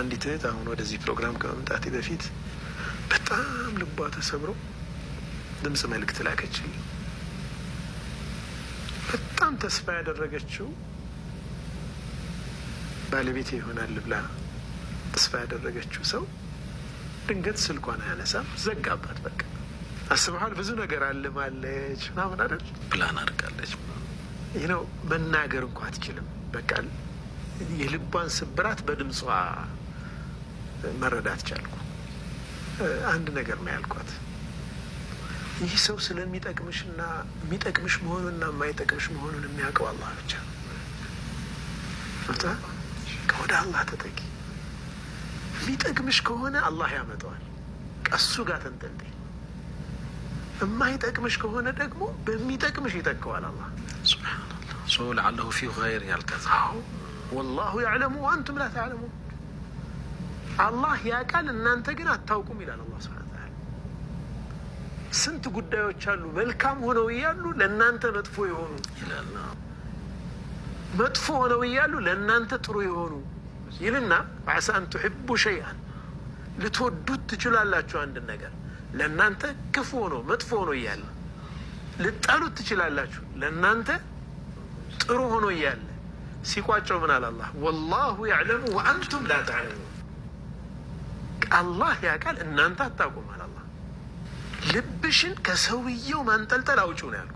አንዲት እህት አሁን ወደዚህ ፕሮግራም ከመምጣቴ በፊት በጣም ልቧ ተሰብሮ ድምፅ መልእክት ላከችልኝ። በጣም ተስፋ ያደረገችው ባለቤቴ ይሆናል ብላ ተስፋ ያደረገችው ሰው ድንገት ስልኳን አያነሳም፣ ዘጋባት። በቃ አስበሃል፣ ብዙ ነገር አልማለች ምናምን አይደል፣ ፕላን አድርጋለች። ይህ ነው መናገር እንኳ አትችልም። በቃ የልቧን ስብራት በድምጿ መረዳት ቻልኩ። አንድ ነገር ነው ያልኳት። ይህ ሰው ስለሚጠቅምሽና የሚጠቅምሽ መሆኑንና የማይጠቅምሽ መሆኑን የሚያውቀው አላህ ብቻ ነው። ከወደ አላህ ተጠቂ። የሚጠቅምሽ ከሆነ አላህ ያመጣዋል፣ ቀሱ ጋር ተንጠልጤ የማይጠቅምሽ ከሆነ ደግሞ በሚጠቅምሽ አላ አላህ ሱብሓነሁ ለአለሁ ፊሁ ኸይር ያልከዛ ወላሁ ያዕለሙ ወአንቱም ላ ተዕለሙን አላህ ያውቃል እናንተ ግን አታውቁም ይላል አላህ ሱብሓነሁ ወተዓላ። ስንት ጉዳዮች አሉ መልካም ሆነው እያሉ ለእናንተ መጥፎ የሆኑ መጥፎ ሆነው እያሉ ለእናንተ ጥሩ የሆኑ ይልና በዓሳ አን ቱሕቡ ሸይአን ልትወዱት ትችላላችሁ አንድን ነገር ለእናንተ ክፉ ሆኖ መጥፎ ሆኖ እያለ ልጠሉት ትችላላችሁ ለእናንተ ጥሩ ሆኖ እያለ ሲቋጨው ምን አለ አላህ ወላሁ ያዕለሙ ወአንቱም ላ ተዕለሙን አላህ ያውቃል፣ እናንተ አታውቁም አለ አላህ። ልብሽን ከሰውየው ማንጠልጠል አውጪው ነው ያልኩ